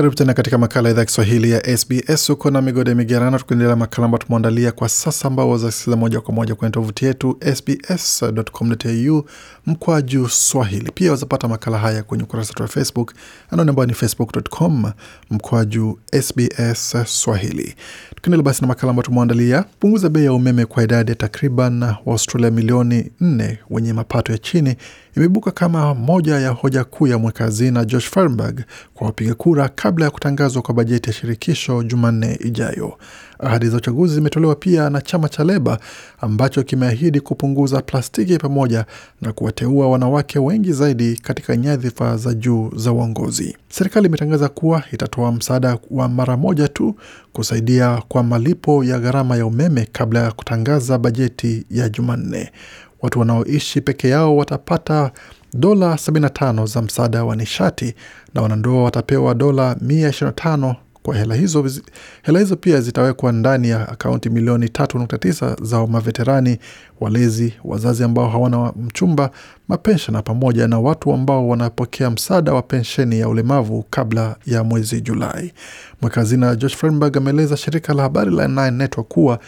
Karibu tena katika makala ya idhaa Kiswahili ya SBS. Huko na migode migerano, tukiendelea makala ambayo tumeandalia kwa sasa, ambao wazasikiza moja kwa moja kwenye tovuti yetu sbs.com.au mkwa juu swahili. Pia wazapata makala haya kwenye ukurasa wetu wa Facebook, anaone ambayo ni facebook.com mkwa juu SBS Swahili. Tukiendelea basi na makala ambayo tumeandalia, punguza bei ya umeme kwa idadi ya takriban waustralia milioni nne wenye mapato ya chini imeibuka kama moja ya hoja kuu ya mweka hazina Josh Farnberg kwa wapiga kura kabla ya kutangazwa kwa bajeti ya shirikisho Jumanne ijayo. Ahadi za uchaguzi zimetolewa pia na chama cha Leba ambacho kimeahidi kupunguza plastiki pamoja na kuwateua wanawake wengi zaidi katika nyadhifa za juu za uongozi. Serikali imetangaza kuwa itatoa msaada wa mara moja tu kusaidia kwa malipo ya gharama ya umeme kabla ya kutangaza bajeti ya Jumanne watu wanaoishi peke yao watapata dola 75 za msaada wa nishati na wanandoa watapewa dola 125 kwa hela hizo. Hela hizo pia zitawekwa ndani ya akaunti milioni 3.9 za maveterani, walezi, wazazi ambao hawana mchumba, mapenshona, pamoja na watu ambao wanapokea msaada wa pensheni ya ulemavu kabla ya mwezi Julai. Mweka hazina Josh ameeleza shirika la habari la Nine Network kuwa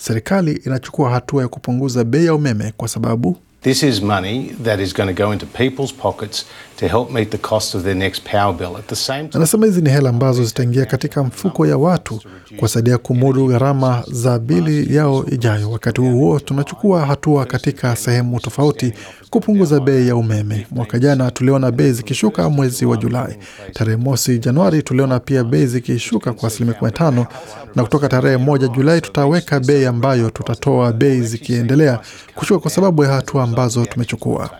serikali inachukua hatua ya kupunguza bei ya umeme kwa sababu This is money that is going to go into people's pockets to help meet the cost of their next power bill. At the same time, anasema hizi ni hela ambazo zitaingia katika mfuko ya watu kuwasaidia kumudu gharama za bili yao ijayo. Wakati huo huo, tunachukua hatua katika sehemu tofauti kupunguza bei ya umeme. Mwaka jana tuliona bei zikishuka mwezi wa Julai. Tarehe mosi Januari tuliona pia bei zikishuka kwa asilimia 15, na kutoka tarehe moja Julai tutaweka bei ambayo tutatoa bei zikiendelea kushuka kwa sababu ya hatua ambazo tumechukua.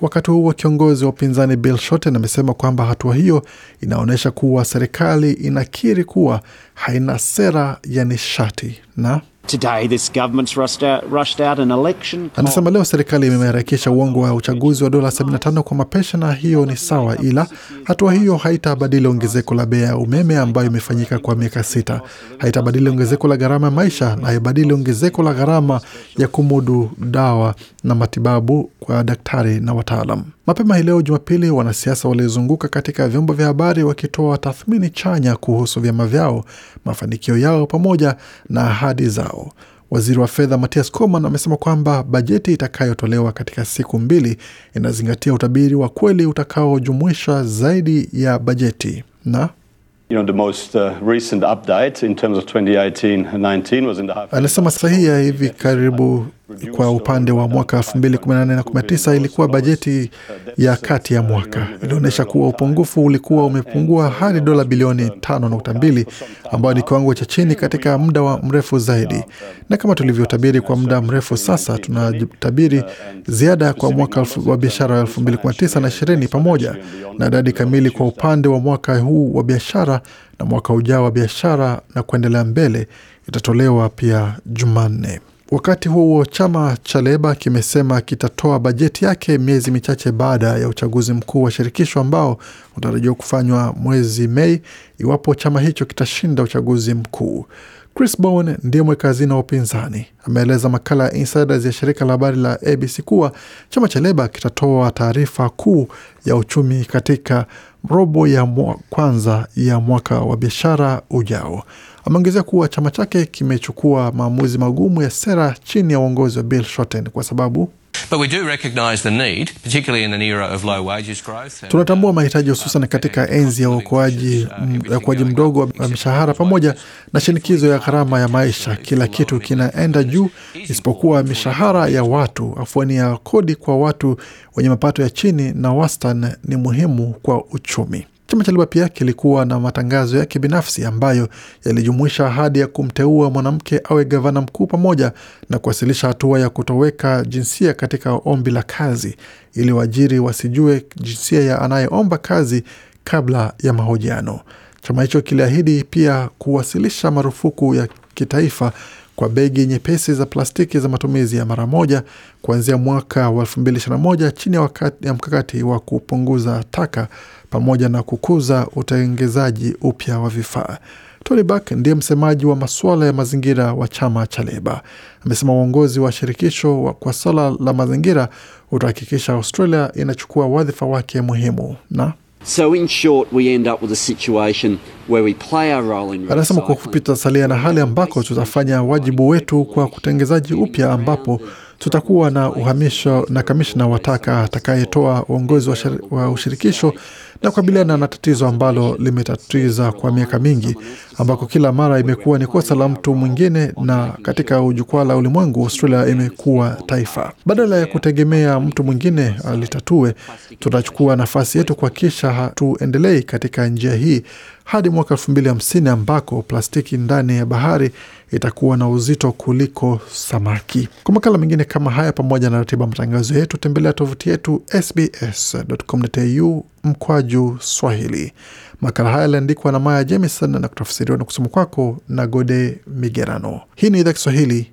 Wakati huo kiongozi wa upinzani Bill Shorten amesema kwamba hatua hiyo inaonyesha kuwa serikali inakiri kuwa haina sera ya nishati na Anasema oh. leo serikali imeharakisha uongo wa uchaguzi wa dola 75 kwa mapesha, na hiyo ni sawa, ila hatua hiyo haitabadili ongezeko la bei ya umeme ambayo imefanyika kwa miaka sita, haitabadili ongezeko la gharama ya maisha, na haibadili ongezeko la gharama ya kumudu dawa na matibabu kwa daktari na wataalam. Mapema hii leo Jumapili, wanasiasa walizunguka katika vyombo vya habari wakitoa tathmini chanya kuhusu vyama vyao, mafanikio yao pamoja na ahadi zao. Waziri wa fedha Matias Coman amesema kwamba bajeti itakayotolewa katika siku mbili inazingatia utabiri wa kweli utakaojumuisha zaidi ya bajeti na uh, anasema sahihi ya hivi karibu kwa upande wa mwaka 2018 ilikuwa bajeti ya kati ya mwaka. Ilionyesha kuwa upungufu ulikuwa umepungua hadi dola bilioni 5.2 ambayo ni kiwango cha chini katika muda wa mrefu zaidi, na kama tulivyotabiri kwa muda mrefu sasa, tunatabiri ziada kwa mwaka wa biashara wa 2019 na 20 pamoja na idadi kamili kwa upande wa mwaka huu wa biashara na mwaka ujao wa biashara na kuendelea mbele itatolewa pia Jumanne. Wakati huo chama cha Leba kimesema kitatoa bajeti yake miezi michache baada ya uchaguzi mkuu wa shirikisho ambao unatarajiwa kufanywa mwezi Mei iwapo chama hicho kitashinda uchaguzi mkuu. Chris Bowen ndiye mweka hazina wa upinzani, ameeleza makala ya Insiders ya shirika la habari la ABC kuwa chama cha Leba kitatoa taarifa kuu ya uchumi katika robo ya mwa kwanza ya mwaka wa biashara ujao. Ameongezea kuwa chama chake kimechukua maamuzi magumu ya sera chini ya uongozi wa Bill Shorten kwa sababu tunatambua uh, mahitaji hususan katika enzi ya uokoaji mm, mdogo wa mishahara pamoja na shinikizo ya gharama ya maisha. Kila kitu kinaenda juu isipokuwa mishahara ya watu. Afuani ya kodi kwa watu wenye mapato ya chini na wastan ni muhimu kwa uchumi. Chama cha liba pia kilikuwa na matangazo yake binafsi ambayo yalijumuisha ahadi ya kumteua mwanamke awe gavana mkuu pamoja na kuwasilisha hatua ya kutoweka jinsia katika ombi la kazi ili waajiri wasijue jinsia ya anayeomba kazi kabla ya mahojiano. Chama hicho kiliahidi pia kuwasilisha marufuku ya kitaifa kwa begi nyepesi za plastiki za matumizi ya mara moja kuanzia mwaka wa 2021 chini ya mkakati wa kupunguza taka pamoja na kukuza utengezaji upya wa vifaa. Tony ndiye msemaji wa masuala ya mazingira wa chama cha Leba, amesema uongozi wa shirikisho kwa swala la mazingira utahakikisha Australia inachukua wadhifa wake muhimu na Anasema kwa kupita tutasalia na hali ambako tutafanya wajibu wetu kwa kutengezaji upya, ambapo Tutakuwa na uhamisho na kamishna wataka atakayetoa uongozi wa, wa ushirikisho na kukabiliana na tatizo ambalo limetatiza kwa miaka mingi, ambako kila mara imekuwa ni kosa la mtu mwingine, na katika jukwaa la ulimwengu Australia imekuwa taifa. Badala ya kutegemea mtu mwingine alitatue, tunachukua nafasi yetu kuhakikisha hatuendelei katika njia hii hadi mwaka elfu mbili hamsini ambako plastiki ndani ya bahari itakuwa na uzito kuliko samaki. Kwa makala mengine kama haya, pamoja na ratiba matangazo yetu, tembelea tovuti yetu sbs.com.au mkwaju Swahili. Makala haya yaliandikwa na Maya Jemison na kutafsiriwa na kusoma kwako na Gode Migerano. Hii ni idhaa Kiswahili